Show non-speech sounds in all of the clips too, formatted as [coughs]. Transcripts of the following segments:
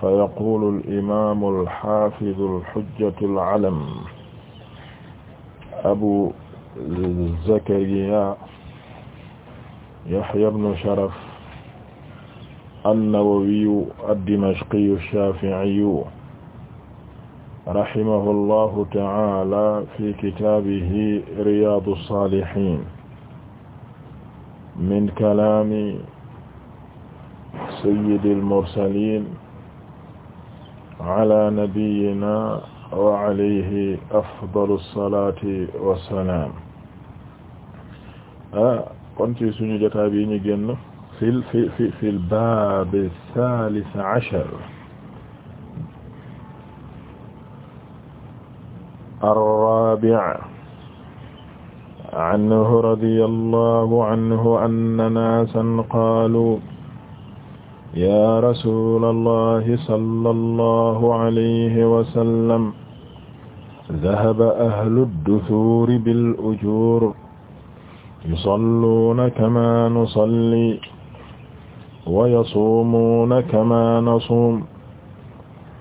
فيقول الإمام الحافظ الحجة العلم أبو زكريا يحيى بن شرف النووي الدمشقي الشافعي رحمه الله تعالى في كتابه رياض الصالحين من كلام سيد المرسلين ala nabiyyina wa alayhi afdalu salaati wa salaam kon ci suñu jotaay bi ñu génn fil fi fi fil baab saalis ashar الرابع عنه رضي الله عنه أن ناسا قالوا yaa rasulalahi sallallahu alayhi wa sallam. dahaba ahlu dusuuri bil ujuur. yusalluuna kamaa nusalli. wa yasuumuuna kamaa nasuum.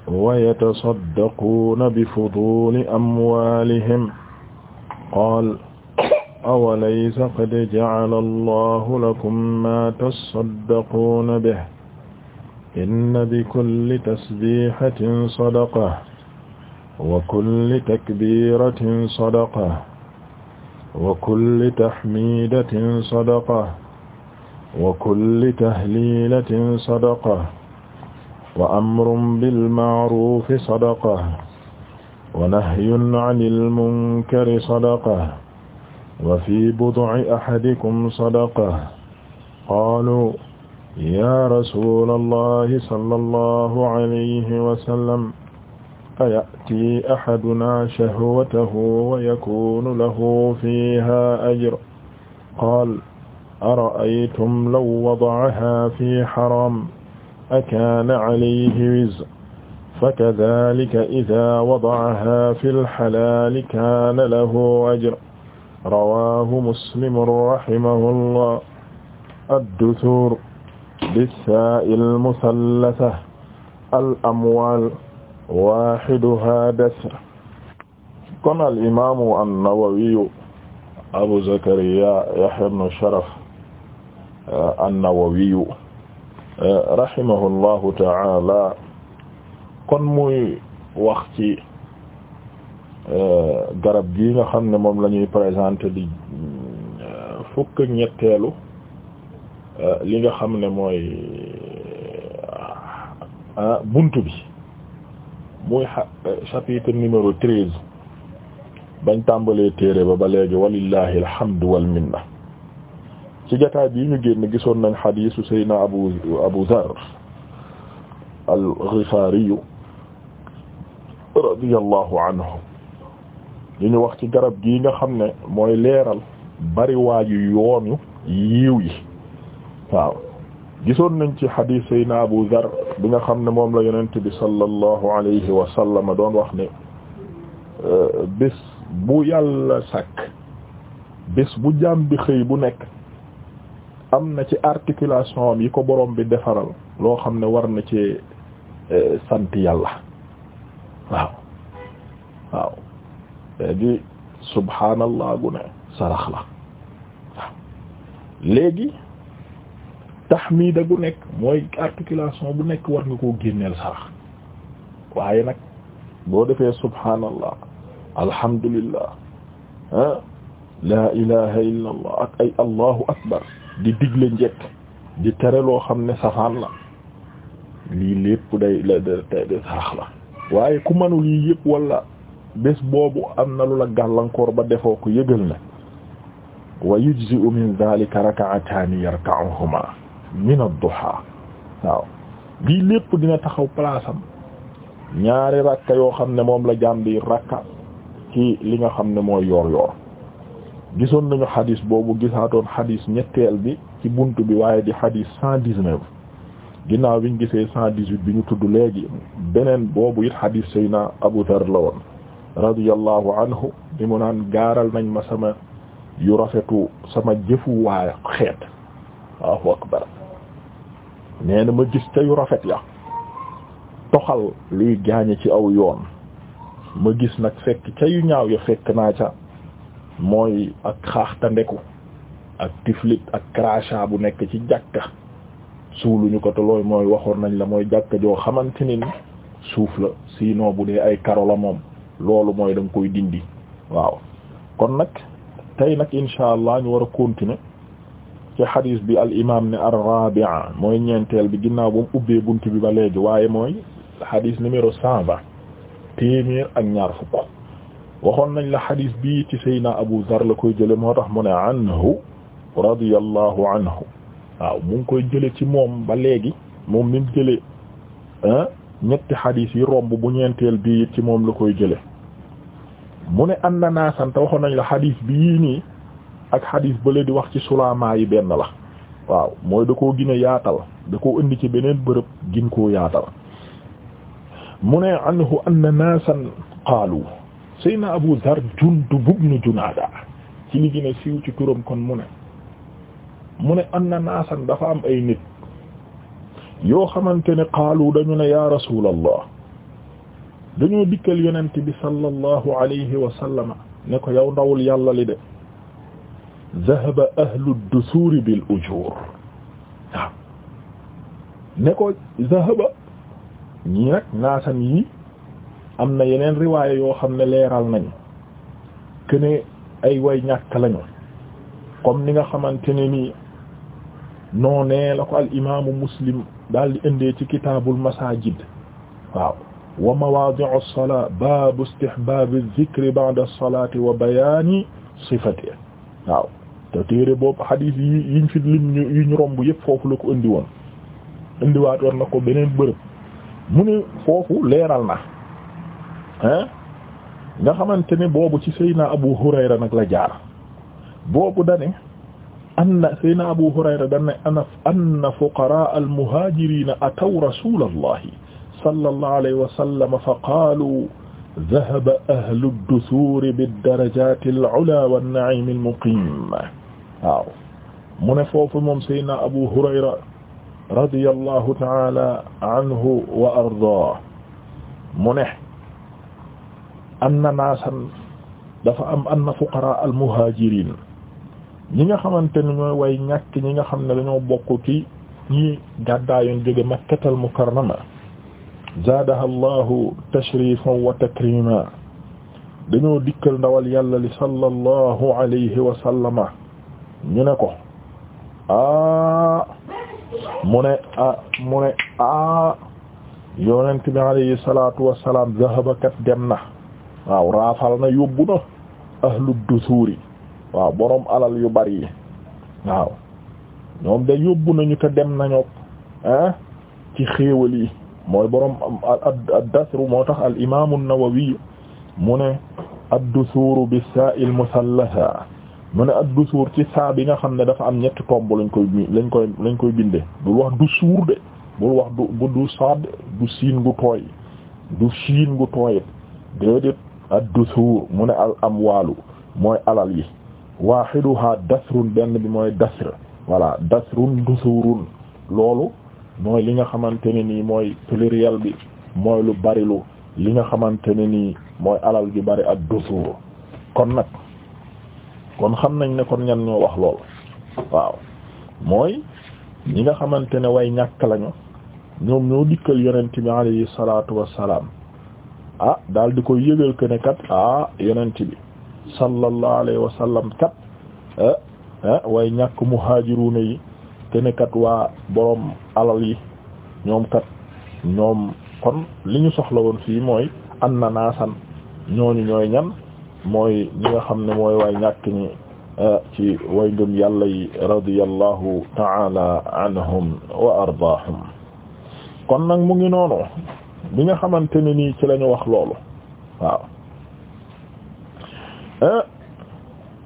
wa yatasaddaquuna bifuduuli amwaalihim. qaal. awalaysa qad jacala allahu lakum maa tasaddaquuna bihi. inna bikulli tasbihatin sadaqa wa kulli takbiratin sadaqa wa kulli tahmidatin sadaqa wa kulli tahlilatin sadaqa wa amrun bilma'rufi sadaqa wa nahyun 'anil munkari sadaqa wa fi bud'i ahadikum sadaqa qaalu yaa rasuulallahi sallallahu alayhi wa sallam aya'tii axadunaa shahwatahu wa yakuunu lahu fiihaa ajr qaala ara'aytum law wada'ahaa fii haram akaana alayhi wizr fakadaalika izaa wada'ahaa fil halaali kaana lahu ajr rawaahu muslim rahimahullaah ad-dusuur lissaa'il almuthallasa al amwaal waahiduhaa das kon al imaamu an-Nawawiyu Abu Zakariya Yahya ibnu Sharaf eh, an-Nawawiyu eh, rahimahullahu ta'aala kon muy wax ci eh, garab gi nga xam ne moom la ñuy présenté di fukk ñetteelu Euh, li nga xam ne mooy euh, ah, buntu bi muy euh, chapitre numéro treize bañ tàmbalee téere ba ba léegi walillahi alhamdu wal minna ci jotaay bi ñu génn gisoon nañ xadiisu Seydina Abu Abu Zarr al-Ghifari radiyallahu anhu li ñu wax ci garab gii nga xam ne mooy leeral bari waayu yoonu yiiw yi waaw gisoon nañ ci xadiis Seydina Abu Dar bi nga xam ne moom la yonent bi sallallahu alayhi wa sallam doon wax ni euh, bés bu yàlla sàkk bés bu jaam bi xëy bu nekk am na ci articulation yi ko borom bi defaral loo xam ne war na ci euh, sant yàlla waaw waaw léegi subhaanallah gu ne sarax la waaw léegi taxmiida gu nekk mooy articulation bu nekk war nga koo génneel sarax waaye nag boo defee subhaanallah alhamdulillah ah laa ilaha allah akbar di digle njekk di tere loo xam ne safaan la lii lépp day la day sarax la waaye ku mënul lii yëpp wala bés boobu am na lu la gàllankoor ba defoo ko yëgal na wa yujzi'u min dhalika rak'ataani yarka'uhuma min ad-duha waaw lii lépp dina taxaw place ñaari rakka yoo xam ne moom la jaam bi rakka ci li nga xam ne mooy yoor yoor gisoon nañu xadis boobu gisaatoon xadis ñetteel bi ci bunt bi waaye di xadis cent dix-neuf ginnaaw biñ gisee cent dix-huit bi ñu tudd léegi beneen boobu it xadis sayna Abu Dharr la woon radiyallahu anhu di mu naan gaaral nañ ma sama yu rafetu sama jëfu waaye xeet waaw akbar nee na ma gis ca yu rafet ya toxal luy gaañe ci aw yoon ma gis nag fekk ca yu ñaaw ya fekk naa ca mooy ak xaaxta ndeku ak tiflit ak crachat bu nekk ci jàkka suuluñu ko te looy mooy waxoon nañ la mooy jàkka joo xamante ni suuf la sinon bu dee ay karo la moom loolu mooy da nga koy dindi waaw kon nag tey nag incha allah ñu war a continuer ci xadis bi al imam ne ar-rabi'a mooy ñeenteel bi ginnaaw ba mu ubbee bunt bi ba léegi waaye mooy xadis numéro cent vingt téeméer ak ñaar fukk waxoon nañ la xadis bi ci Seydina Abu Zar la koy jële moo tax mu ne anhu radiyallahu anhu waaw jële ci moom ba moom jële ñetti xadis yi romb ci moom la koy jële mu nii ak xadiis bële di wax ci sulaamaa yi benn la waaw mooy da ko gën a yaatal da koo indi ci beneen bërëb gin koo yaatal mu ne anhu anna naasan qaalu sayna abu dhar jundub ibn junaada ci li gën siiw ci turam kon mu ne mu ne anna naasan dafa am ay nit yoo xamante ne qaalu dañu ne yaa rasuulallah dañoo dikkal yonent bi sallallahu alayhi wa sallama ne ko yow ndawul yàlla li de dhahaba ahlu dusuuri bil ujuur waaw ne ko dhahaba ñii nag naasan yi am na yeneen riwaaya yoo xam ne leeral nañu kene ay way ñàkk lañu comme ni nga xamante ne nii noonee la ko al imaamu muslim daal di indee ci kitaabul masaajid waaw wa mawaadi'u as-salaa baabu istihbaabi adh-dhikri ba'da as-salaati wa bayaani sifatihi waaw te téere boobu xadiis yi yiñ fi romb yëpp foofu la ko indi woon indiwaat woon na ko beneen bërëb mu ne foofu leeral na hein nga xamante ne boobu ci Seydina Abu Hurayra nag la jaar boobu dane anna Seydina Abu Hurayra dane ana anna fuqaraa ataw rasuulallahi sallallahu alayhi wa sallam fa qaalu ahlu ad-dusuuri bid al-'ulaa wan-na'iimi al waaw mu ne foofu moom Seydina Abu Hurayra radiyallahu taala anhu wa ardaa mu ne anna naasan dafa am anna fuqaraa al ñi nga xamante ne ñooy way ñàkk ñi nga xam ne dañoo bokk ci ñi gàddaayoon jóge makkatal mukarrama zaadaha allahu tashrifan wa takrima dañoo dikkal ndawal yàlla li sallallahu alayhi wa sallama ñu ne ko ah mu ne ah mu ne ah yonent bi alayhi salaatu wassalaam zahaba dem na waaw raafal na yóbbu na ahlu dusuuri waaw boroom alal yu bari yi waaw ñoom de yóbbu nañu te dem nañu ah ci xéewal yi mooy boroom ad-dasru moo tax al imaamu an-Nawawi mu ne ad-dusuuru bis-saa'il musallatha mu ne ak dusuur ci saa bi nga xam ne dafa am ñetti tomb lañ koy lañ koy lañ koy bindee bul wax du suur de bul wax du bu du saad du siin gu tooy du siin gu tooyit déedéet ak dusuur mu ne al amwaalu mooy alal yi waaxiduha dasrun benn bi mooy dasr voilà dasrun dusuurun loolu mooy li nga xamante ne nii mooy pluriel bi mooy lu barilu li nga xamante ne nii mooy alal ju bari ak dusuur kon nag kon xam nañ ne kon ñan ñoo wax lool waaw mooy ñi nga xamante ne way ñàkk lañu ñoom ñoo dikkal yonent bi alayhi salaatu wassalaam ah daal di koy yëgal ko ne kat ah yonent bi sallallahu alayhi wa kat eh, eh, way ñàkk muhaajiruuna yi te ne waa boroom alal yi ñoom kat ñoom kon li ñu soxla woon fii mooy an na naasan ñooy ñan mooy ñi nga xam ne mooy way ñàkk ñi ah, ci way ngëm yàlla yi radiyallahu ta'ala anhum wa ardaahum kon nag mu ngi noonu bi nga xamante ne nii ci lañu wax loolu waaw ah,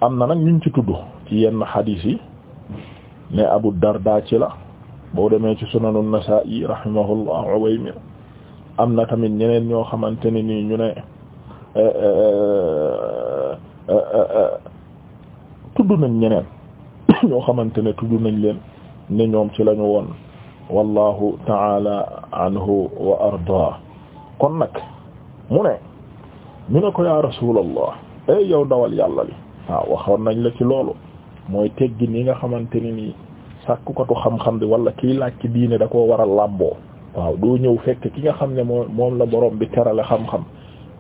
am na nag ñun ci tudd ci yenn xadiis yi ne Abu Darda ci la boo demee ci Sunan an-Nasa'i rahimahullah Uwaymir am na tamit ñeneen ñoo xamante ne nii ñu ne Euh, euh, euh, tudd nañ ñeneen [coughs] ñoo xamante ne tudd nañ leen ne ñoom ci lañu woon wallahu taala anhu wa arda kon nag mu ne ñu ne ko yaa rasulallah ay yow dawal yàlla li waaw waxoon nañ la ci loolu mooy teggi ni nga xamante ne nii sàkkukatu xam-xam bi wala kiy laaj ci diine da koo war a làmboo waaw doo ñëw fekk ki nga xam ne moo moom la borom bi terale xam-xam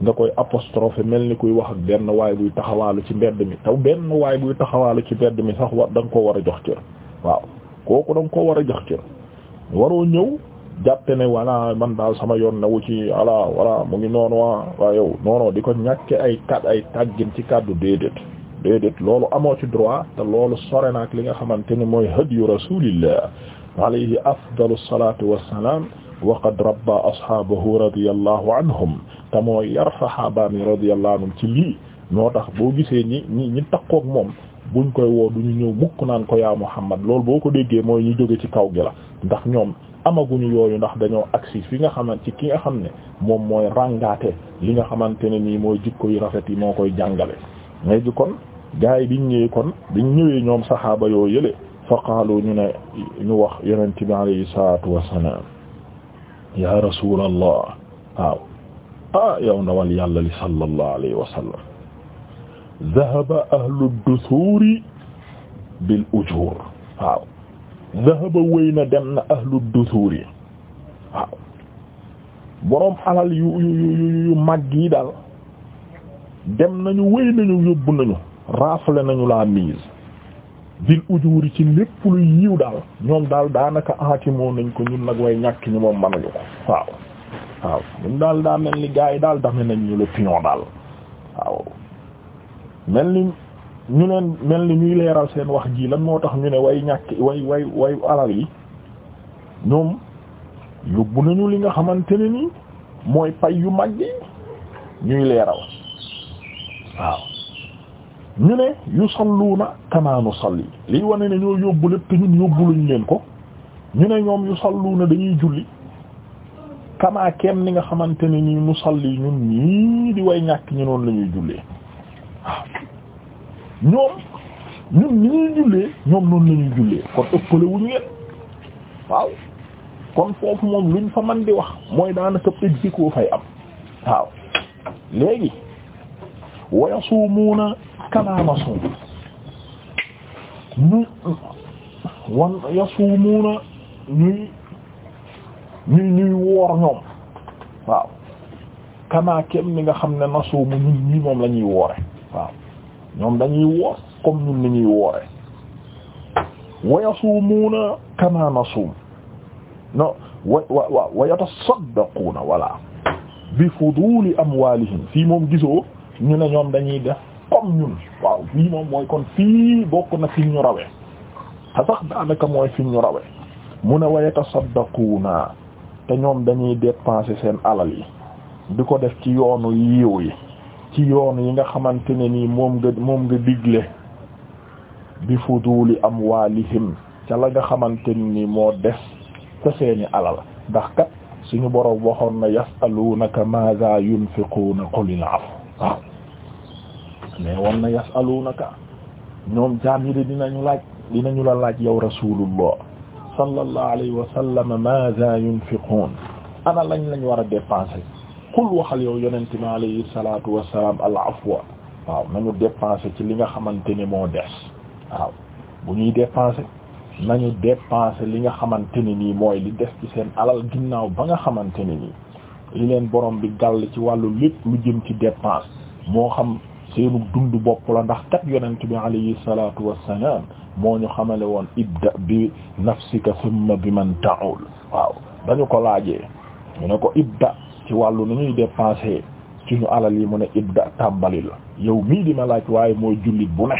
nga koy apostrophe mel ni kuy wax ak benn waay buy taxawaalu ci mbedd mi taw benn waay buy taxawaalu ci mbedd mi sax war da nga ko war a jox cër waaw kooku da ko war a jox cër waroo ñëw jàppe ne wala man daal sama yoon ne wu ci ala wala mu ngi noonu waa ah, waa yow noono di ko ñàkke ay kat ay tàggin ci kàddu déedéet déedéet loolu amoo ci droit te loolu sore na li nga xamante ne mooy hadiyu rasulillah alayhi afdalu salatu wassalam waqad rabba ashaabahu radiyallahu anhum te moo yar saxaabaami radiyallahu anhum ci lii noo tax boo gisee ñi ñi ñi takkook moom buñ koy woo duñu ñëw mukk naan ko yaa Muhammad loolu boo ko déggee mooy ñu jóge ci kaw gi la ndax ñoom amaguñu yooyu ndax dañoo agsi fi nga xamante ci ki nga xam ne moom mooy ràngaate li nga xamante ne nii mooy jikko yu rafet yi moo koy jàngale léegi kon gaa yi biñ ñëwee kon biñ ñëwee ñoom saxaaba yoo yële fa qaalu ñu ne ñu wax yonent bi alayhi salaatu wassalaam ya rasulallah waaw ah yow ndawal yàlla li sallallahu alayhi wa sallam dahaba ahlu dusuuri bil ujuur waaw dahaba wéy na dem na ahlu dusuuri waaw boroom alal yu yu yu yu màgg yi daal dem nañu wéy nañu yóbbu nañu rafle nañu la mise bil ujuuri ci lépp lu yiw daal ñoom daal daanaka aatimoo nañ ko ñun nag way ñàkki ñu moom manuñu ko waaw waaw ñun daal daa mel ni gaa yi daal dame nañ ñu le mel ni ñu leen mel ni ñuy leeral seen wax ji lan moo tax ñu ne way ñàkk way way way alal yi ñoom yóbbu nañu li nga xamante ne nii mooy pay yu mag yi ñuy leeral waaw ñu ne yu yusalluuna kama nusalli liy wane ne ñoo yóbbu lépp te ñun yóbbuluñ leen ko ñu ne ñoom yu yusalluuna dañuy julli kama kenn ni nga xamante ni ne nii nusalli ñun ñii di way ñàkk ñu noonu lañuy ñuy jullee waaw ñoom ñun ni ñuy jullee ñoom noonu la jullee kon ëppale wuñu leen waaw kon foofu moom luñ fa man di wax mooy daanaka exéco fay am waaw léegi wa yasumuuna kamaa suum ñu wan yasuumuuna ñuy ñuy ñuy woor ñoom waaw kamaa kem ni nga xam ne nasuumu ñun ñii moom la ñuy woore waaw ñoom dañuy woor comme ñun ni ñuy woore wa yasuumuuna kamaa nasuum non wa wa wa wa yatasaddaquuna wala bi fuduuli amwaalihim fii moom gisoo ñu ne ñoom dañuy def comme ñun waaw fii moom mooy kon fii bokk na fi ñu rawee te sax daanaka mooy fi ñu rawee mu ne wa yatasaddaquna te ñoom dañuy dépenser seen alal yi di ko def ci yoonu yiw yi ci yoonu yi nga xamante ne nii moom nga moom nga digle bi fuduli amwalihim ca la nga xamante ni moo des ca seeni alal ndax kat suñu boroom waxoon na yasalunaka madha yunfiquna qulil af ne woon na yasalunaka ñoom jaam yi de dinañu laaj dinañu la laaj yow rasulullah sallallahu alayhi wa sallam maza yunfiqun ana lañ lañu war a dépenser xul waxal yow yonente mi alayhi salatu wassalam al afwa waaw nañu dépenser ci li nga xamante ne moo des waaw bu ñuy dépenser nañu dépenser li nga xamante ne nii mooy li des ci seen alal ginnaaw ba nga xamante ne nii li leen borom bi gàll ci wàllu lépp lu jëm ci dépense moo xam seenu dund bopp la ndax kat yonent bi alayhi salatu wassalam moo ñu xamale woon ibda bi nafsika thumma bi man ta'ul waaw dañu ko laajee ñu ne ko ibda ci wàllu nu ñuy dépenser ñu alal yi mu ne ibda tàmbali la yow mii di ma laaj waaye mooy jullit bu ne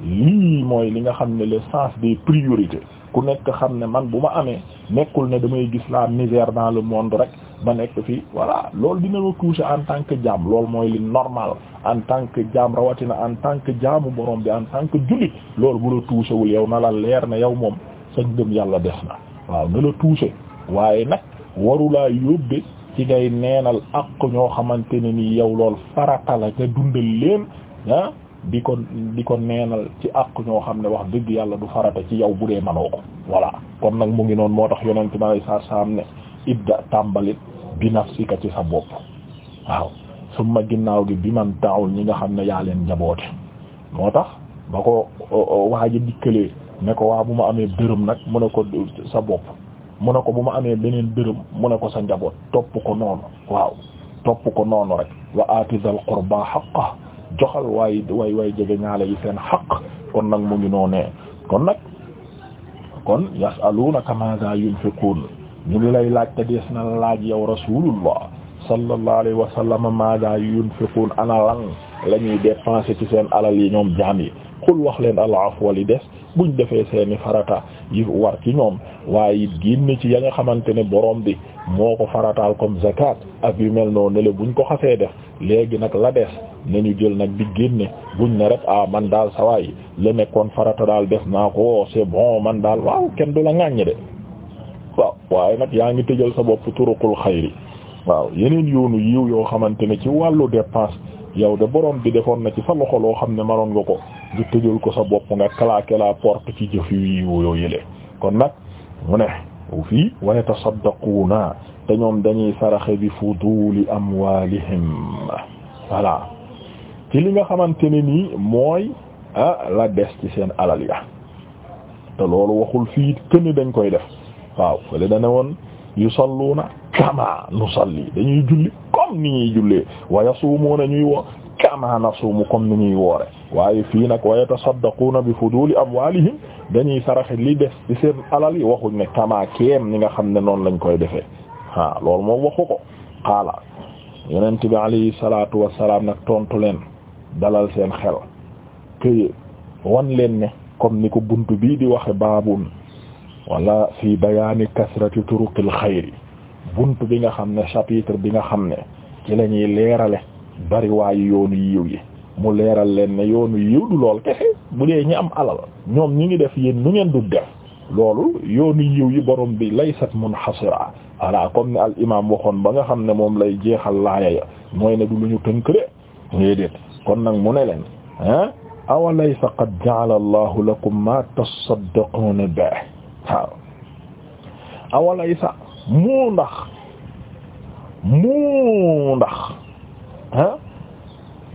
lii mooy li nga xam ne le sens des priorités ku nekk xam ne man bu ma amee nekkul ne damay gis laa misère dans le monde rek ba nekk fii wala loolu dina ma toucher en tant que jaam loolu mooy li normal en tant que jaam rawatina en tant que jaamu borom bi en tant que jullit loolu bu la tuusewul yow na la leer na yow moom sa ngëm yàlla des na waaw na la tuuse waaye nag warula yóbbe ci ngay neenal ak ñoo xamante ne ni yow lool farata la nga dundal leen ah, di ko di ko neenal ci ak ñoo xam ne wax dëgg yàlla du farata ci yow bu dee manoo ko voilà kon nag mu ngi noonu moo tax yonente bi alay saat salaam ne ibda tàmbalit bi nafsika ci sa bopp waaw summa ginnaaw gi bi man taawul ñi nga xam ne yaa leen jaboote moo tax ba ko waaja dikkalee ne ko waa bu ma amee dërëm nag mu ne ko sa bopp mu ne ko bu ma amee beneen dërëm mu ne ko sa njaboot topp ko noonu waaw topp ko noonu rek wa aati zal qurba xaqa joxal waay way jege ñaale yi seen xaq kon nag mu ngi noonee kon nag kon yasalunaka maza yunfiqun ñu ngi lay laaj te dees na laaj yow rasulullah sallallahu alayhi wa sallam maada yu ana lan la ñuy dépenser ci seen alal yi ñoom jaam yi xul wax leen al afwa li des buñ defee seeni farata yi war ci ñoom waaye it génn ci ya nga xamante ne borom bi moo ko farataal comme zakat ak yu mel noonu ne buñ ko xafee def léegi nag la des nañu jël nag di génne buñ ne rek ah man daal sawaay la nekkoon farata daal def naa ko c'est bon man daal waaw kenn du la ŋàññ de waaw waaye nag yaa ngi tëjal sa bopp turuqul xayri waaw yeneen yoonu yiw yoo xamante ne ci wàllu dépense yow de borom bi defoon na ci sa loxo loo xam ne manoon nga ko di tëjal ko sa bopp nga claquer la porte ci jëf yu yiw yoo yële kon nag mu ne fii wa yatasaddaquuna te ñoom dañuy saraxe bi fuduli amwalihim voilà ci li nga xamante ne nii mooy ah la des ci seen alal ya te loolu waxul fii kenn dañ koy def waaw fële dana woon yusalluuna kama nusalli dañuy julli comme ni ñuy jullee wa yasuumuuna ñuy woor kama nasuumu comme ni ñuy woore waaye fii nag wa yatasaddaquuna bi fuduli amwaalihim dañuy saraxe li des ci seen alal yi waxuñ ne kama keem ni nga xam ne noonu lañ koy defee ah loolu moom waxu ko xaala yonent bi alayhi salaatu wassalaam nag tontu leen dalal seen xel këye wan leen ne comme ni ko bunt bii di waxe baabun wala fi bayaani kasrati turuqil xayri bunt bi nga xam ne chapitre bi nga xam ne ci la leerale bari waayu yoonu yiw yi mu leeral leen ne yoonu yiw du lool kese bu dee ñi am alal ñoom ñi ngi def yéen nu ngeen du def loolu yoonu yiw yi borom bi laysat munhasira ala comme ni al imam waxoon ba nga xam ne moom lay jeexal laaya ya mooy ne du lu ñu tënkre déedéet kon nag mu ne leen ah awalaysa qad ja'ala allahu lakum ma tasaddaquna bihi waaw awalay mu ndax mu ndax ah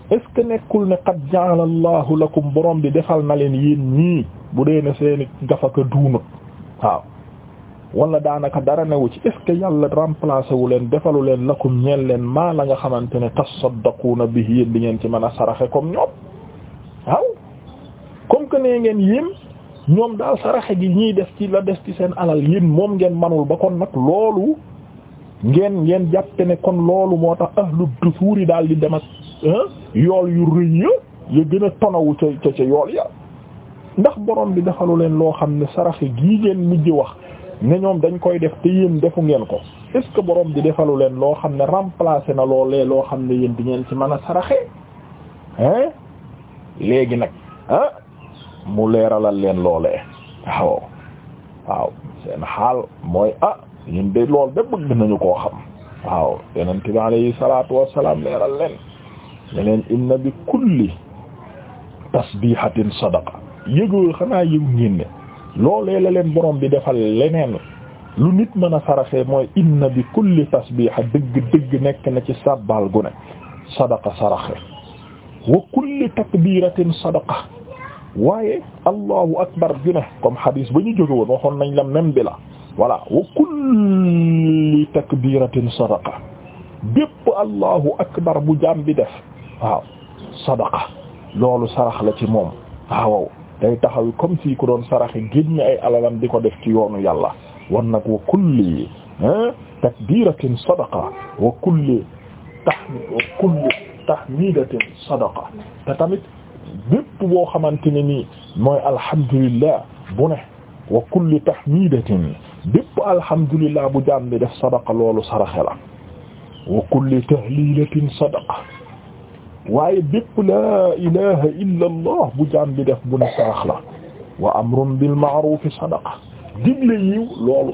est-ce que nekkul ne qad ja'ala Allahu lakum borom bi defal na leen yéen nii bu dee ne seeni gafaka duunut waaw wala daanaka dara newu ci est-ce que yàlla remplacé wu leen defalu leen lakum ñeel leen maa la nga xamante ne na bi yéen di ngeen ci mën a saraxe comme ñoom waaw comme que nee ngeen yéen ñoom daal saraxe gi ñiy def ci la def ci seen alal yéen moom ngeen manul ba kon nag loolu ngeen ngeen jàppe ne kon loolu moo tax lu ahlu dusuuri daal di dem ak yool yu rëy ya ya gën a tonawu ca ca ca yool ya ndax borom bi defalu leen loo xam ne saraxe gii ngeen mujj wax ne ñoom dañ koy def te yéen defu ngeen ko est borom bi defalu leen loo xam ne remplacé na loolee loo xam ne yéen di ngeen ci mën a saraxe hein léegi nag mu leeralal leen loolee waaw waaw seen xaal mooy ah ñun de lool de bëgg nañu koo xam waaw yonent bi alayhi salaatu wassalaam leeral leen ne leen inna bi kulli tasbihatin sadaqa yëgoo xanaa yëgu ngeen ne loolee la leen borom bi defal leneen lu nit mën a saraxee mooy inna bi kulli tasbiha dëgg dëgg nekk na ci sàbbaal gu ne sadaqa saraxe wa kulli takbiratin sadaqa waaye allahu akbar ju ne comme hadis ba ñu jóge woon waxoon nañ la même bi la voilà wa kulli takbiratin sadaqa bépp allahu akbar bu jaam bi def waaw sadaqa loolu sarax la ci moom waaw day taxaw comme si ku doon sarax saraxi génn ay alalam di ko def ci yoonu yàlla wan nag wa kulli takbiratin sadaqa wa kulli tahmid sadaqa bépp boo xamante ne nii mooy alhamdulillah bu ne wa kulli alhamdulillah bu jaam bi def sadaqa loolu saraxe la wa kulli tahlilatin sadaqa waaye bépp laa ilaha allah bu jaam bi def bu ne sarax la wa amrun bil ma'ruf sadaqa digle yiw loolu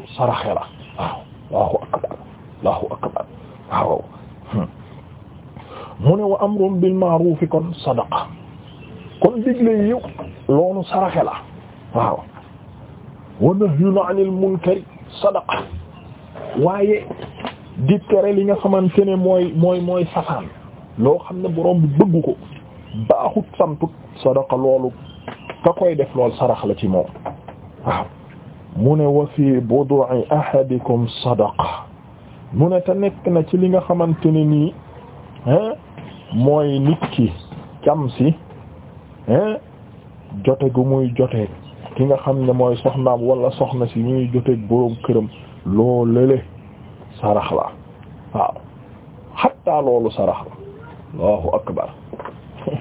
kon digle yiw loolu saraxe la waaw wa nahyun anil munkari sadaqa waaye di tere li nga xamante ne mooy mooy mooy safaan loo xam ne borom bi bëggu ko baaxut santut sadaqa loolu ka koy def lool sarax la ci moom waaw mu ne wa fi budu'i ahadikum sadaqa mu ne te nekk na ci li nga xamante ne nii mooy nit ki cam si jote gu muy jote ki nga xam ne mooy soxnaam wala soxna si muy jote boroom këram loo lele sarax la waaw xatta loolu sarax la allahu akbar [laughs]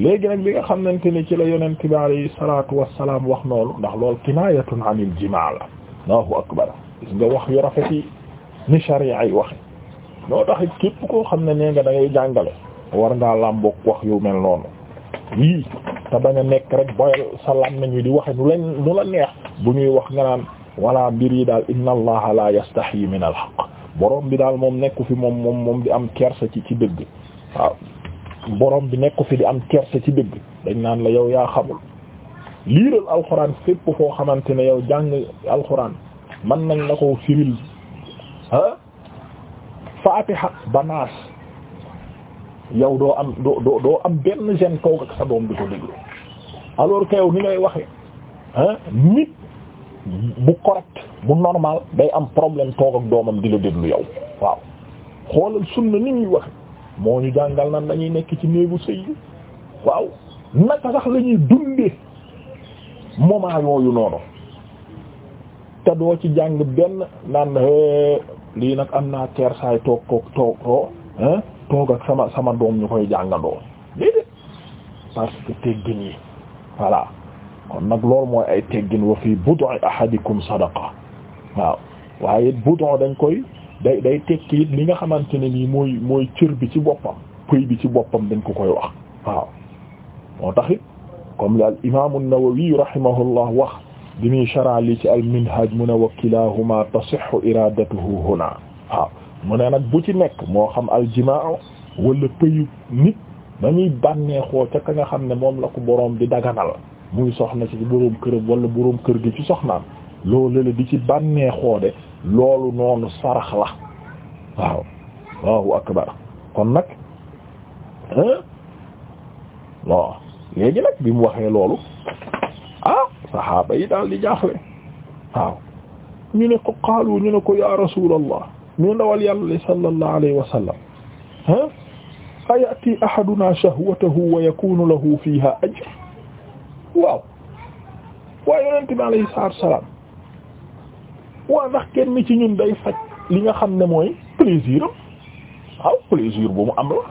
léegi nag bi nga xamante ni ci la yonent bi alayhi salaatu wassalaam wax noonu ndax loolu kinaayatun anil jimaa la allahu akbar gis nga wax yu rafet yi ni sharia ay waxe noo tax képp koo xam ne nee nga da jàngale war ngaa làmboog wax yu mel noonu yii te bañ a nekk rek boyal salaam nañu di waxe nu la neex bu ñuy wax nga naan walla mbir yi daal inna allaha la yastahi min al haqq borom bi daal moom nekku fi moom moom moom di am kersa ci ci dëgg boroom bi nekku fi di am kersa ci dëgg dañ naan la yow yaa xamul liiral alxuraan fépp foo xamante ne yow jàng alxuraan mën nañ la ko firil ah faatiha banaas yow doo am doo doo am benn gene toog ak sa doom di ko déglu alors que yow ni ngay waxe nit bu correct bu normal day am problème toog ak doomam di la déglu yow waaw xoolal sunna ni ñuy waxe moo ñu jàngal nan dañuy nekk ci néegu sëy bi waaw naka sax la ñuy dundee yooyu noonu te doo ci jàng benn naan lii nag am naa tersaay toog toog toog toog ak sama sama doom ñu koy jàngandoo déedéet parce que teggin yi voilà kon nag loolu mooy ay teggin wa fii bud'i ahadikum sadaqa waaye bud'u dañ koy day day tekki li nga xamante ne nii mooy mooy cër bi ci boppam pëy bi ci boppam dañ ko koy wax waaw moo taxit comme al imam an wax bi muy chara ci al minhaj mu wa kilahuma tasihhu iradatuhu huna mu ne nag bu ci nekk moo xam aljimaa wala pëyu nit dañuy bànneexoo ca ka nga xam ne moom la ko boroom di daganal muy soxna ci boroom këram wala boroom kër gi ci soxnaam loolu la di ci bànneexoo de loolu noonu sarax la waaw waaw akbar kon nag waaw léegi nag bi mu waxee loolu ah saxaaba yi daal di jaaxle waaw ñu ne ko qaalu ñu ne ko ya rasulallah nu ndawal yàlla li sallallahu alayhi wa sallam ah ayati ahaduna shahwatahu wa yakunu lahu fiha ajr waaw waaye yonente bi alayhi salaatu wa salaam waaw ndax kenn ci ñun day faj li nga xam ne mooy plaisir am waaw plaisir bu mu am la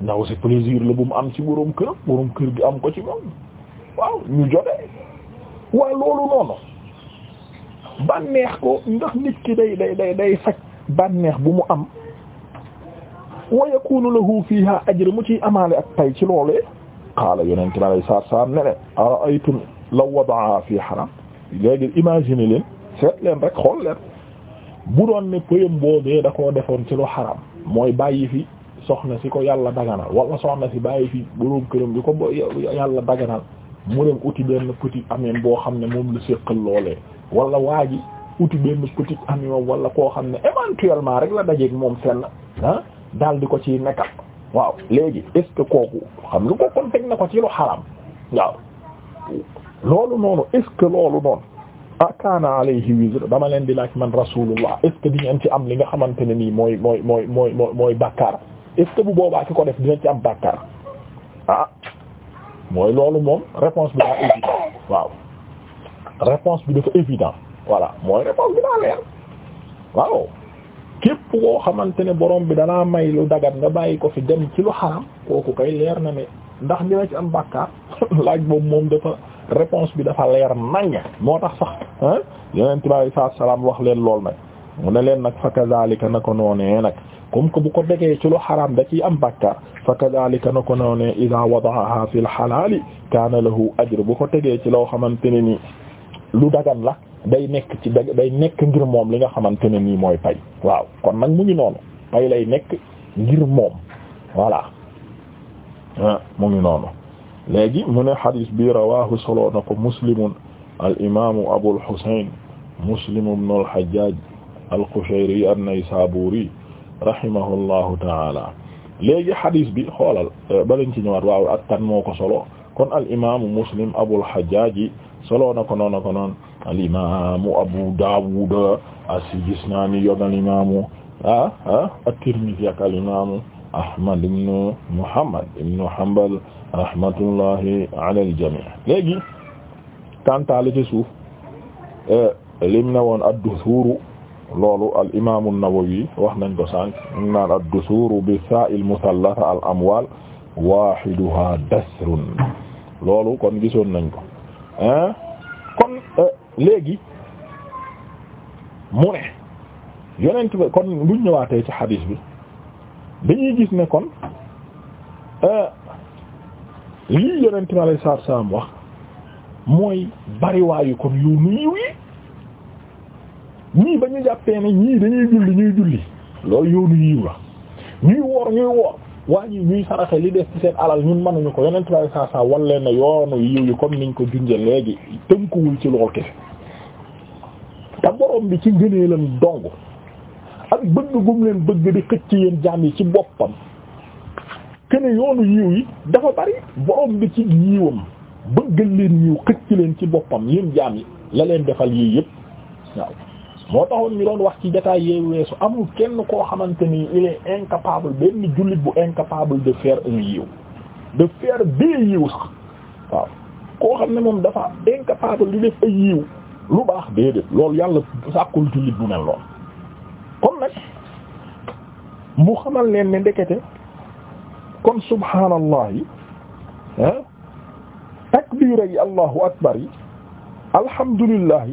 ndaw si plaisir la bu mu am ci boroom këram boroom kër gi am ko ci moom waaw ñu jotee waaw loolu noonu bànneex ko ndax nit ki day day day banneex bu mu am wa yakunu lahu fiha ajr mu ciy amaale ak pay ci loolee qaala yu mi alay saatu salaam ne ne ara'aytum law wadaaha fii haram léegi imagine leen seet leen rek xool leen bu doon ne pëyam boobee da defoon ci loo xaram mooy bàyyi fi soxna si ko yàlla daganal wala soxna si bàyyi fi boroom këram bi ko yàlla daganal mu dem uti benn petit amim boo xam ne moom la séqal loolee wala waa ji uti benn petit amim wala koo xam ne éventuellement rek la dajeeg moom fenn ah daal di ko ci nekkal waaw léegi est ce kooku xam lu ko kon ko ci lu xaram waaw loolu noonu est ce que loolu noonu ah kaana alayhi wizr dama leen di laaj man rasulullah est ce que di ngeen ci am li nga xamante ne nii mooy mooy mooy mooy mooy bàkkaar est bu boobaa ki ko def dina ci am bàkkaar ah, mooy loolu moom réponse bi daa évident waaw réponse bi dafa évident voilà mooy réponse bi daa leer waaw képp koo xamante ne boroom bi danaa may lu dagat nga bàyyi ko fi dem ci lu xaram kooku kay leer na ne ndax dina ci am bàkkaar [laughs] laaj boobu moom dafa réponse bi dafa leer nañ moo tax sax ah yeneen tubaab yi salaam wax leen lool nag mu ne leen nag fa kazaalika na ko noonee nag. comme que bu ko degee ci lu xaraam da ciy am bàkkaar fa kadhalika na ko noo ne ida wadaaha fi l xalaali kaana lahu ajr bu ko tegee ci loo xamante ne ni lu dagan la day nekk ci da day nekk ngir moom li nga xamante ne nii mooy pay waaw kon nag mu ngi noonu pay lay nekk ngir moom voilà ah mu ngi noonu léegi mu ne xadis bi rawahu soloo na ko muslimun al imamu abul husayn muslim ibn al hajjaj al qushayri an-naysaburi rahimahullahu taala léegi xadis bi xoolal euh, balañ ci ñëwaat waaw ak ko solo kon al imaamu muslim abul hajjaaji solo na ko noon na ko noon al imaamu abu daawud as-sijistaani yoon al imaamu ah ah at-tirmidhi al imaamu ahmad ibn muhammad ibn hanbal rahmatullahi ala al jamii léegi kantaale ci suuf euh, lim loolu al imaamu Nawawi wax nañ ko sànq naan ad-dusuur bi saa'il musallatha al amwaal waahiduhaa dasrun loolu kon gisoon nañ ko hein kon euh, léegi mu ne yonent bi kon buñ ñëwaatee ci xadiis bi dañuy gis ne kon euh, lii yonent bi alayhi salaatu wa wax mooy bariwaayu kon yu ñii ba ñu jàppee ne ñii dañuy julli ñuy julli loolu yoonu yiw la ñuy woor ñuy woor waa ñi ñuy saraxe li des ci seen alal ñun mënuñu ko yeneen tubaab saa saa wan leen ne yoonu yiw yi comme niñ ko junjee léegi tënkuwul ci lool kese te borom bi ci ngënee lan dong ak bëgg gum leen bëgg di xëcc yeen jaam yi ci boppam kene yoonu yiw yi dafa bari borom bi ci yiwam bëggal leen yiw xëcc leen ci boppam yeen jaam yi la leen defal yii yépp waaw moo taxoon ñu doon wax ci jotaay yee weesu amul kenn koo xamante ni il est incapable benn jullit bu incapable de faire un yiw de faire deux yiw sax koo xam ne moom dafa incapable di def ay yiw lu baax déedéet lool yàlla sàkkul jullit bu mel lool kon nag mu xamal leen ne ndekete kon subhaanallah yi ah takbiira yi allahu akbar yi alhamdulillah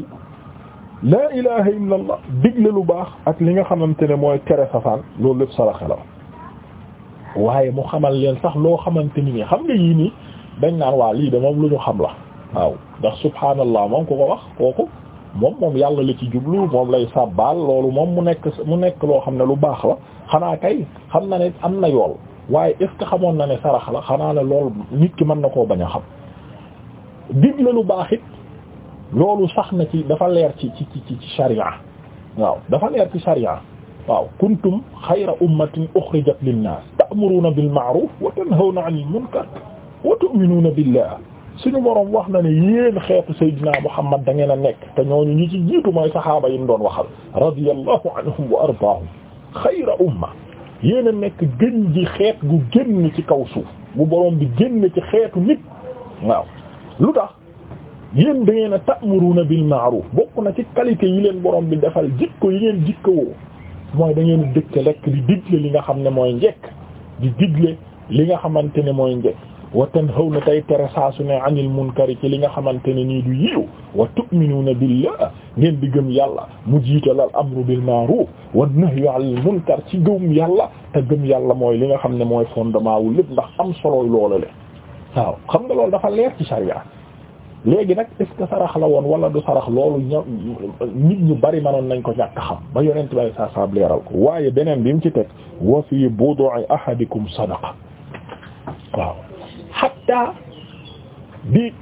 laa ilaha illa digle lu baax ak li nga xamante ne mooy tere safaan loolu lépp saraxe la waaye mu xamal leen sax loo xamante ni nii xam nga yii nii dañ naan waa lii de moom lu ñu xam la waaw ndax subhaanallah moom ku ko wax kooku moom moom yàlla la ci jublu moom lay sàbbaal loolu moom mu nekk mu nekk loo xam ne lu baax la xanaa kay xam na ne am na yool waaye est ce que xamoon na ne sarax la xanaa ne lool nit ki mën na koo bañ a xam digle lu baax loolu sax na ci dafa leer ci ci ci ci sharia waaw dafa leer ci sharia waaw kuntum xayra ummatin uxrijat linnaas ta'muruna bil ma'ruf wa tanhawna 'anil munkar wa tu'minuna billah suñu boroom wax na ne yéen xeetu sayyidina Muhammad da ngeen a nekk te ñooñu ñi ci jiitu mooy saxaaba yi mu doon waxal radiyallahu anhum wa ardaahum xayra umma yéen a nekk gën ji xeet gu génn ci kaw suuf bu boroom bi génn ci xeetu nit waaw lu tax yéen da ngeen a na bil ma'ruf bokk na ci qualité yi leen borom bi defal jikko yi ngeen jikkowoo mooy da dëkk lekk di digle li nga xam ne mooy njekk di digle li nga xamante ne mooy njekk wa tanhawna tey tere su ne anil munkari ci li nga xamante ne nii du yiw wa tu'minuna billah ngeen di gëm yàlla mu jiital al amru bil ma'ruf wa nahyu munkar ci gëm yàlla te gëm yàlla mooy li nga xam ne mooy fondement wu lépp ndax am solo loolu le waaw xam nga loolu dafa leer ci sharia léegi nag est sarax la woon wala du sarax loolu ña nit ñu bari manoon nañ ko ñàkk xam ba yonent bay sa ko waaye beneen bi mu ci teg wa fi budu'i ahadikum sadaqa waaw hatta bi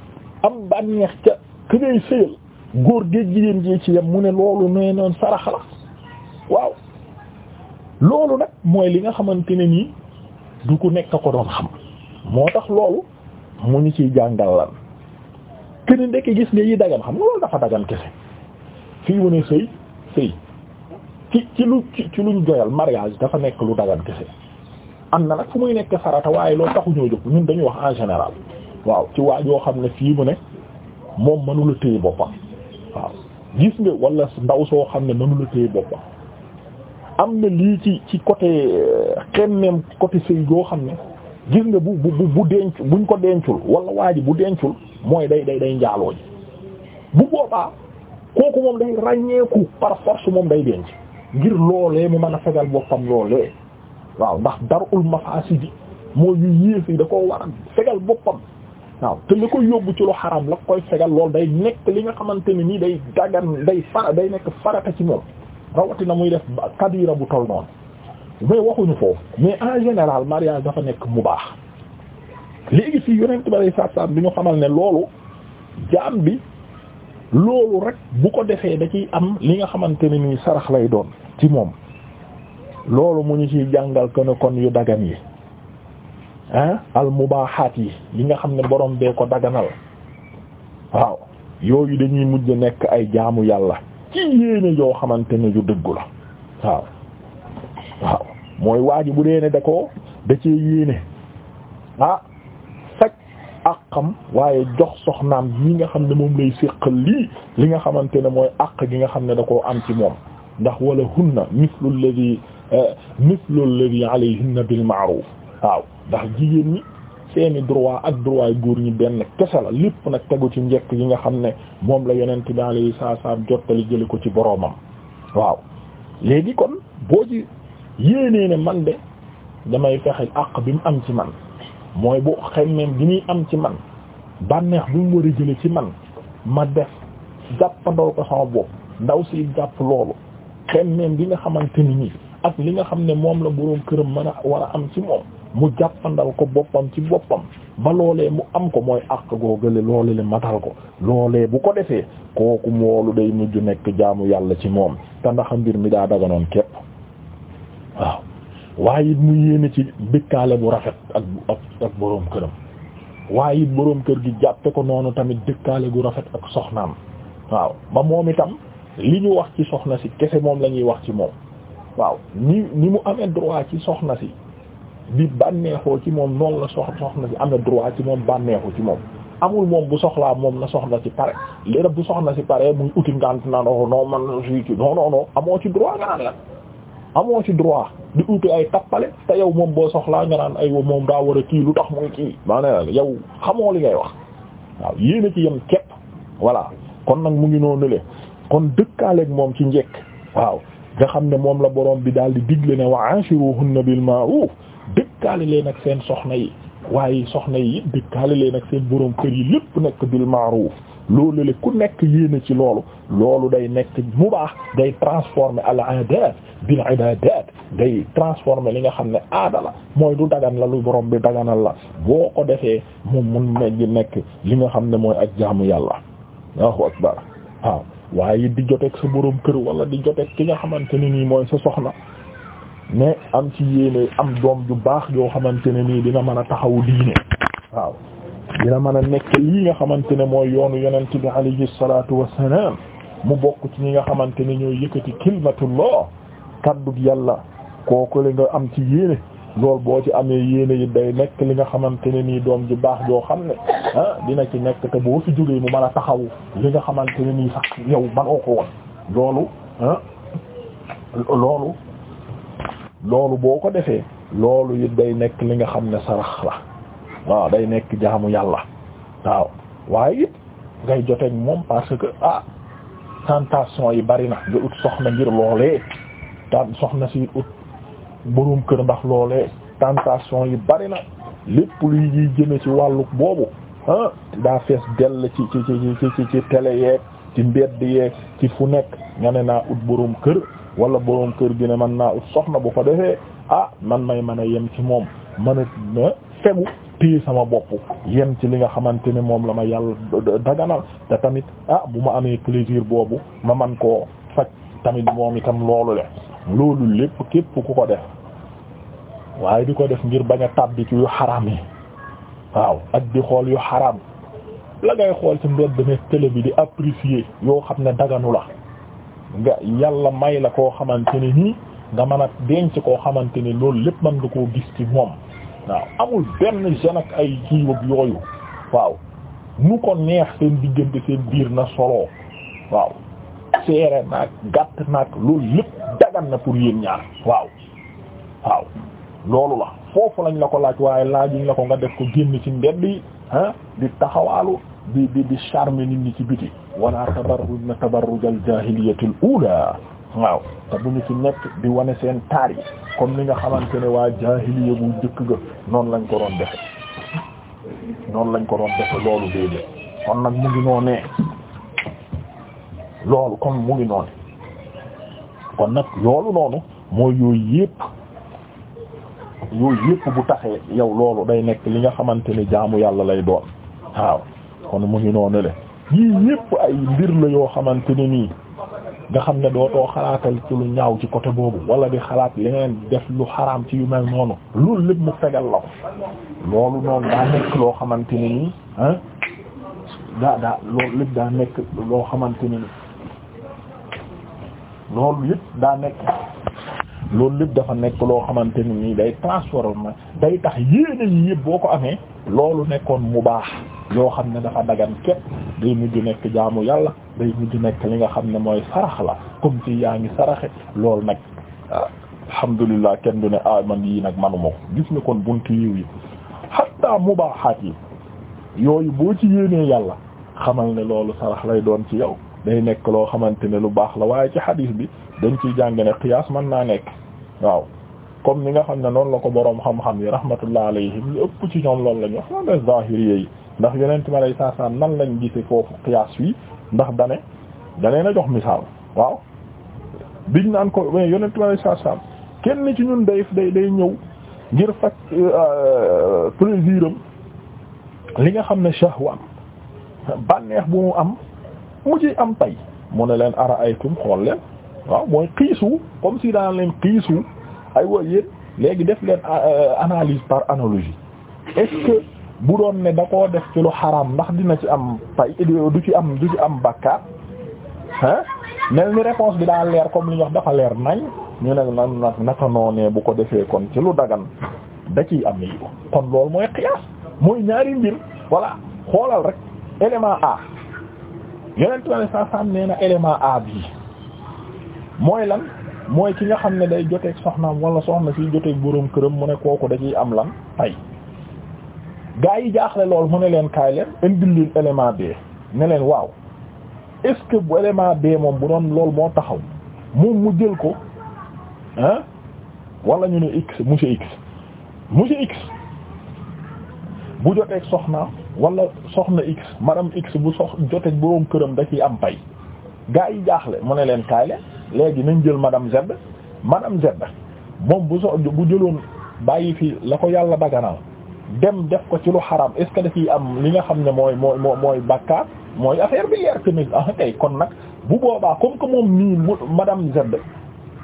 am bànneex ca ki ngay sëyal góor géej jigéen ji ci yam mu ne loolu nee noon sarax la waaw loolu nag mooy li nga xamante ne nii du ku nekk ko doon xam moo tax loolu mu ñu ciy jàngal lan kene ndekk gis nga yi dagan xam nga loolu dafa dagan kese fii mu ne sëy sëy ci ci lu ci luñ joyal mariage dafa nekk lu dagan kese am na nag fu muy nekk farata waaye loolu taxu ñoo jóg ñun dañuy wax en général waaw ci waa joo xam ne fii mu ne moom mënula téye boppam waaw gis nga wala ndaw soo xam ne mënula téye boppam am na lii ci ci côté euh, xemmeem côté sëy goo xam ne gis nga bu bu bu denc buñ ko dencul wala waa ji bu dencul mooy day day day njaaloo ji bu boobaa kooku moom day ràññeeku par force moom day denc ngir loolee mu mën a fegal boppam loolee waaw ndax darul mafaasidi mooy yu yées yi da koo war a fegal boppam waaw te li koy yóbbu ci lu xaram la koy fegal lool day nekk li nga xamante ne nii day dagan day fara day nekk farata ci moom rawatina muy def kabira bu tol noonu mais waxuñu ko mais en général mariage dafa nekk mu baax léegi fii yonent bi alay saat ñu xamal ne loolu jaam bi loolu rek bu ko defee da ciy am li nga xamante ne nii sarax lay doon ci moom loolu mu ñu ciy jàngal ko ne kon yu dagan yi ah al mubaaxaat yi li nga xam ne borom bee ko daganal waaw yooyu dañuy mujj nekk ay jaamu yàlla ci yéene yoo xamante ne yu dëggu la waaw waaw mooy waa bu dee ne da ko da cee yéene ah faj àqam waaye jox soxnaam yi nga xam ne moom lay séqal lii li nga xamante ne mooy àq gi nga xam ne da koo am ci moom ndax wala hunna mithlu alladhi eh, mithlu alladhi alayhinna bil ma'ruf waaw ndax jigéen ñi seeni droit ak droit góor ñi benn kese la lépp nag tegu ci njekk yi nga xam ne moom la yonent bi alayhi salaam jottali jëli ko ci boroomam waaw léegi kon boo ji yéenee ne man de damay fexe àq bi mu am ci man mooy bu xemmem bi muy am ci man bànneex bi mu war a jële ci man ma def jàppandoo ko sama bopp ndaw si jàpp loolu xemmem bi nga xamante ni nii ak li nga xam ne moom la boroom këram mën a war a am ci moom mu jàppandal ko boppam ci boppam ba loolee mu am ko mooy àq googale loole le matal ko loolee bu ko defee kooku moolu day mujj nekk jaamu yàlla ci moom te ndax mbir mi daa daganoon képp waaw waaye it mu yéene ci dëkkaale bu rafet ak ak boroom këram waaye it boroom kër gi jàppe ko noonu tamit dëkkaale gu rafet ak soxnaam waaw ba moom itam li ñu wax ci soxna si kese moom la ñuy wax ci moom waaw ni ni mu amee droit ci soxna si di bànneexoo ci moom noonu la sox soxna si amee droit ci moom bànneexu ci moom amul moom bu soxlaa moom na soxna si pare léegi bu soxna si pare muy uti ngant na non oh non man non non non amoo ci droit nga naan la amoo ci droit di uti ay tappale te yow moom boo soxlaa nga naan ay moom daa war a kii lu tax muy kii maanaam yow xamoo li ngay wax waaw yéena ci yem képp voilà kon nag mu ngi noonu le kon dëkkaaleeg moom ci njekk waaw nga xam ne moom la borom bi daal di digle ne wa ashiruhunna bil ma'ruf dëkkaale leen ak seen soxna yi waaye soxna yi dëkkaale leen ak seen borom kër yi lépp nekk bil ma'ruf loolu le ku nekk yéene ci loolu loolu day nekk mu baax day transformer al adat bil day transformer li nga xam ne aadala mooy du dagan la lu borom bi daganal la boo ko defee moom mun na nekk li nga xam ne mooy ak jaamu yàlla Allahu akbar waaw waaye di joteeg sa borom kër wala di joteeg ki nga xamante ne nii mooy sa soxna mais am ci yéene am doom ju baax joo xamante ne nii dina mën a taxaw diine waaw dina mën a nekk lii nga xamante ne mooy yoonu yonent bi alayhi salaatu wassalaam mu bokk ci ñi nga xamante ne ñooy yëkkati kalimatullah kaddu yàlla kooku li nga am ci yéene lool boo ci amee yéene yi day nekk li nga xamante ne nii doom ju baax joo xam ne ah, dina ci nekk te boo fi jógee mu mën a taxaw li nga xamante ne nii sax yow manoo ko woon loolu ah, loolu loolu boo ko defee loolu it day nekk li nga xam ne sarax la waaw day nekk jaamu yàlla waaw waaye it ngay joteeg moom parce que ah tentation yi bari na nga ut soxna ngir loolee soxna si ut boroom kër ndax loolee tentation yi bari na lépp luy yiy jëme ci wàllu boobu ah daa fees dell ci ci ci ci ci télé yeeg ci mbedd yeeg ci fu nekk nga ne naa ut boroom kër wala boroom kër gi ne man naa ut soxna bu ko defee ah man may mën a yem ci moom mën a ah, téye sama bopp yem ci li nga xamante ne moom la ma yàlla daganal te tamit ah bu ma amee plaisir boobu ma man koo faj tamit moom itam loolu le loolu lépp képp ku ko def waaye di ko def ngir bañ tàbbi ci yu xaraam yi waaw ak di xool yu xaraam la ngay xool ci mbedd demee télé bi di apprécier yoo xam ne daganu la nga yàlla may la koo xamante ne nii nga mën a denc koo xamante ne loolu lépp man nga koo gis ci moom waaw amul benn gene ak ay kiiwag yooyu waaw nu ko neex seen diggante seen biir na solo waaw seere naag gàtt naag loolu lépp dagan na pour yéen ñaar waaw loolu la foofu lañ la ko laaj waaye laajuñ la ko nga def ko génn ci mbedd yi ah di taxawaalu di di di charmer nit ñi ci biti wala tabarruj na tabarrujal jaahiliyatul ula waaw te bu ñu fi nekk di wane seen taar yi comme ni nga xamante ne waa jaahiliya bu jëkk ga noonu lañ ko doon defe noonu lañ ko doon defe loolu déedéet kon nag mu ngi noonee loolu kon mu ngi noonee kon nag loolu noonu mooy yooyu yépp yooyu yépp bu taxee yow loolu day nekk li nga xamante ne jaamu yàlla lay doon waaw kon mu ngi noonu le yii yépp ay mbir la yoo xamante ne nii nga xam ne doo too xalaatal ci lu ñaaw ci côté boobu wala di xalaat yeneen def lu xaraam ci yu mel noonu loolu lépp mu fegal la ko loolu noonu daa nekk loo xamante ne nii ah daa daa loolu lépp daa nekk loo xamante ne nii loolu yëpp daa nekk loolu lépp dafa nekk loo xamante ni nii day transformer day tax yéene yi yëpp boo ko amee loolu nekkoon mu baax yoo xam ne dafa dagan képp day mujj nekk jaamu yàlla day mujj nekk li nga xam ne mooy sarax la comme si yaa ngi saraxe lool nag ah, alhamdulillah kenn du ne ah man yii nag manuma ko gis nga kon buntu yiw yi hatta mubaaxaat yi yooyu boo ci yéenee yàlla xamal ne loolu sarax lay doon ci yow day nekk loo xamante ne lu baax la waaye ci xadiis bi dañ ciy jàng ne qiyaas mën naa nekk waaw comme ni nga xam ne noonu la ko boroom xam-xam yi rahmatullah alayhim li ëpp ci ñoom loolu la ñu wax loolu la zahiriyya yi ndax yonent ma lay saasaan nan lañ gise foofu qiyaas fii ndax dane danee na jox misaal waaw biñ naan ko mais yonent ma lay saasaan kenn ci ñun day day day ñëw ngir faj euh, euh, plaisir li nga xam ne shahwam bànneex bu mu am mu ciy am tay mu ne leen ara aytum xool leen waaw mooy xiisu comme si daan leen xiisu ay wa yéen léegi def leen euh, euh, analyse par analogie est-ce que bu doon ne da koo def ci lu xaraam ndax dina ci am pay du ci am du ci am bakkaar ah mel ni réponse bi daa leer comme li ñu wax dafa leer nañ ñu ne nan nag naka noonee bu ko defee kon ci lu dagan da ciy am yi kon loolu mooy xiyaas mooy ñaari mbir voilà xoolal rek élément A yeneen trois cent nee na élément A bii. mooy lan mooy ki nga xam ne day joteeg soxnaam wala soxna si joteeg boroom këram mu ne kooku da ciy am lan pay yi jaaxle lool mu ne leen kaay leen indil leen élément waaw est-ce que moom bu doon lool moo taxaw moom mu jël ko ah wala ñu ne X monsieur X monsieur X bu wala soxna X madame X bu sox joteeg boroom këram da ciy am pay gaa yi jaaxle mu ne leen kaay léegi nañ jël madame Z madame Z moom bu so bu jëloon bàyyi fii la ko yàlla daganal dem def ko ci lu xaram est ce que dafiy am li nga xam ne mooy mooy mooy bàkkaar mooy affaire bi leer que ni ah, kon nag bu boobaa comme que moom nii mu madame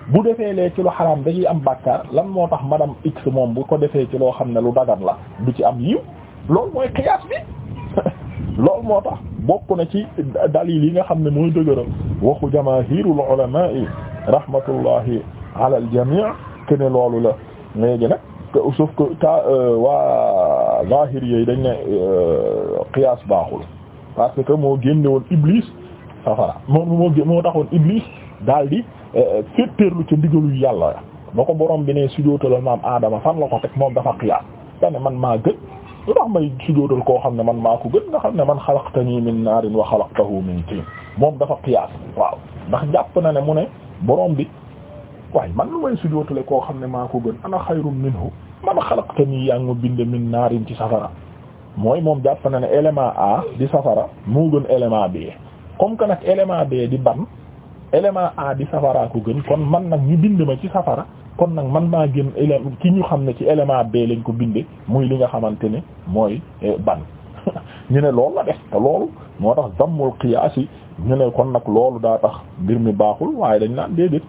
bu defee lee ci lu xaram dañuy am bàkkaar lan moo tax madame X moom bu ko defee ci loo xam ne lu dagan la du ci am yiw loolu mooy xiyaas bi. lool moo tax bokk na ci dalil yi nga xam ne mooy dëgëral waxu jamaahirul ulama yi rahmatullahi ala al jami' ke ne loolu la léegi nag sauf que ka euh, waa zahir yooyu dañ ne euh, qiyaas baaxul parce que moo génne woon iblis safara moo moo moo taxoon iblis daal di euh, féttéerlu ca ndigalu yàlla na ko borom bi ne sujjóotalal maam aadama fan la ko teg moom dafa qiyaas dane man maa gën lu tax may sujjóotal koo xam ne man maa ko gën nga xam ne man xalaqtani min naarin wa xalaqtahu min tiin moom dafa qiyaas waaw ndax jàpp na ne mu ne boroom bi waaye man lu may sujjóotale koo xam ne maa ko gën ana xayrun minhu man xalaqtani yaa ngi ma binde min naarin ci safara mooy moom jàpp na ne élément A di safara moo gën élément B comme que nag élément B di ban élément A bi safaraa ko gën kon man nag ñu bind ma ci safara kon nag man maa gën élément ki ñu xam ne ci élément B lañ ko binde muy li nga xamante ne mooy eh, ban [laughs] ñu ne loolu la def te loolu moo tax dammul qiyaas yi ñu ne kon nag loolu daa tax mbir mi baaxul waaye dañ naan déedéet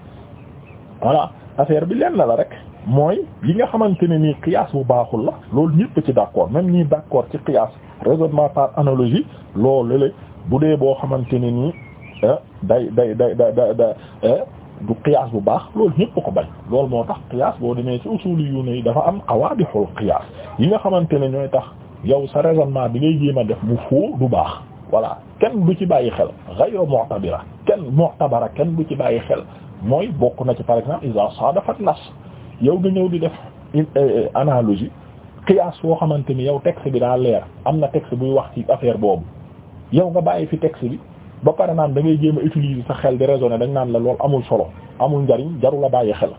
voilà affaire bi lenn la rek mooy li nga xamante ne nii qiyaas bu baaxul la loolu ñëpp ci d'accord même ñuy d'accord ci qiyaas raisonnement par analogie loolu la bu dee boo xamante ne nii Eh, day day day da da eh, du qiyaas bu baax loolu ñëpp ko bañ loolu moo tax qiyaas boo demee ci usuli yu ne dafa am qawaadixul qiyaas yi nga xamante ne ñooy tax yow sa raisonnement bi ngay jéem a def mu foo du baax voilà kenn du ci bàyyi xel ghayru mu'tabira kenn mu'tabara kenn du ci bàyyi xel mooy bokk na ci par exemple iza sadafat nas yow nga ñëw di def eh, analogie qiyaas foo xamante ni yow texte bi daa leer am na texte buy wax ci affaire boobu yow nga bàyyi fi texte bi ba pare naan da ngay jéem a xel di raisonner dañ naan la lool amul solo amul njariñ jaru la bàyyi xel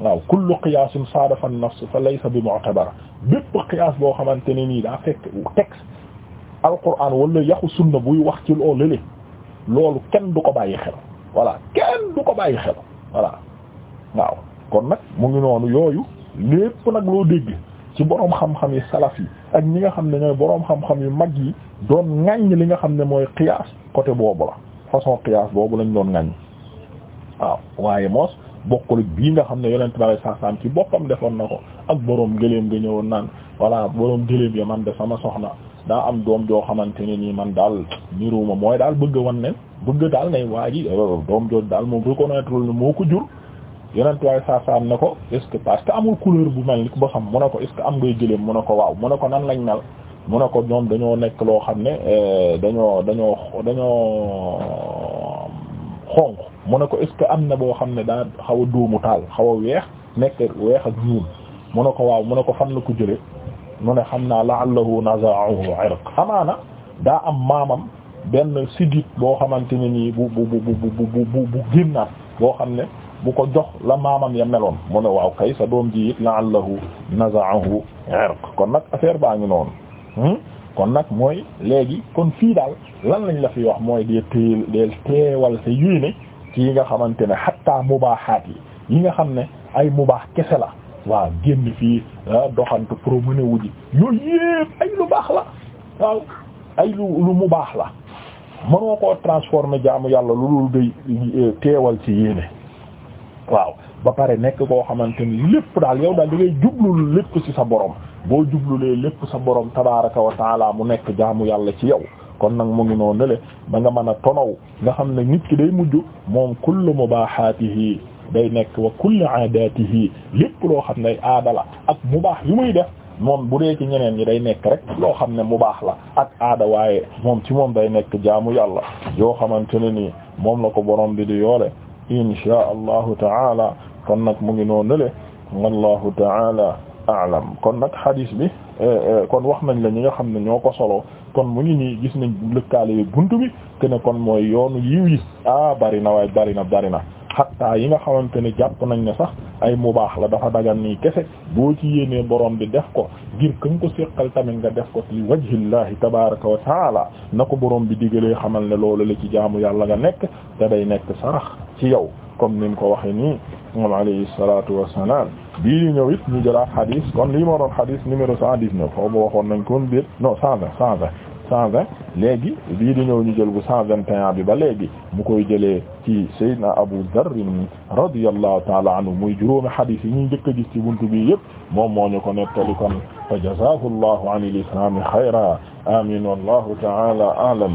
waaw kullu qiyaasin saadafa an-nafs fa laysa bi mu'tabara bépp qiyaas boo xamante ne nii daa fekk texte alquran wala yaxu sunna buy wax ci loolu lële loolu kenn du ko bàyyi xel voilà kenn du ko bàyyi xel voilà waaw kon nag mu ngi noonu yooyu lépp nag loo dégg ci boroom xam-xam yi salaf yi ak ñi nga xam ne ñooy borom xam-xam yu mag yi doon ŋaññ li nga xam ne mooy qiyaas côté boobu la façon qiyaas boobu lañ doon ŋaññ waaw waaye moos bokkul bii nga xam ne yonent bi saa saam ci boppam defoon na ko ak boroom gëléem nga ñëwoon naan voilà boroom gëléem ya man de sama soxna daa am doom joo xamante ne nii man daal niruuma mooy daal bëgg wan ne bëgg daal ne waa doom jooju daal moom reconnaître moo ko jur. yonent waaye saa am na ko est parce que amul couleur bu mel ni ko xam mu ne ko est-ce que am ngay gëléem mu ne ko waaw mu ne ko nan lañ mel mu ne ko ñoom dañoo nekk loo xam ne euh, dañoo dañoo dañoo xonq mu ne ko est-ce am na boo xam ne daa xaw a dóomu taal xaw a weex nekk weex ak ñuul mu ne ko waaw mu ne ko fan la ko jële mu ne xam naa la la'allahu naza'ahu irq amaana daa am maamam benn sidit boo xamante ni nii bu bu bu bu bu bu boo xam ne bu ko jox la maamam ya meloon mu ne waaw kay sa doom ji it la naza'ahu irq kon nag affaire baa ngi noonu hmm? kon nag mooy léegi kon fii daal lan lañ la fi wax mooy dee téyel deel teewal sa yuy ne ci yi nga xamante ne xatta mubaaxaat yi yi nga xam ne ay mubaax kese la waaw génn fii doxantu promené wu ji yooyu yëpp ay lu baax la waaw ay lu lu mu baax la mënoo koo transformer jaamu yàlla lu dul day eh, teewal ci yéene waaw ba pare nekk koo xamante ni lépp daal yow daal da ngay jublu lépp ci sa borom boo jublulee lépp sa borom tabaraka wa taala mu nekk jaamu yàlla ci yow kon nag mu ngi noonu le ba nga mën a tonaw nga xam ne nit ki day mujj moom kullu mubaahaatihi day nekk wa kullu aadaatihi lépp loo xam ne aada la ak mubaax yu muy def moom bu dee ci ñeneen ñi day nekk rek loo xam ne mubaax la ak aada waaye moom ci moom day nekk jaamu yàlla yoo xamante ne nii moom la ko borom bi di yoole inshaa allahu taala kon nag mu ngi noonu le wallahu taala aalam kon nag hadis bi eh, eh, kon wax nañ la ñi nga xam ne ñoo ko solo kon mu ngi nii gis nañ lëkkaale buntu bi te kon mooy yoonu yiw yi ah bari na waaye bari na bari na xattaa yi nga xamante ne jàpp nañ ne sax ay baax la dafa dagan nii kese boo ci yéenee borom bi def ko ngir kañ ko séqal tamit nga def ko li wajhillahi tabaraka wa taala na ko borom bi digalee xamal ne loolu la ci jaamu nekk ci yow comme ni mu ko waxee nii moom alayhi salatu wassalam bii di ñëw it ñu jëlaat xadis kon lii moo doon xadis numéro cent dix-neuf boobu waxoon nañ kon biir non cent vingt cent vingt cent vingt léegi bii di ñëw ñu jël bu bi ba léegi mu koy jëlee ci Seydina Abu Dharr radiyallahu taala anhu muy juróomi xadis yi ñuy njëkk a gis ci buntu bi yëpp moom moo ñu ko nettali kon fa jazaahu llahu an al islami xayra amin wallahu taala alam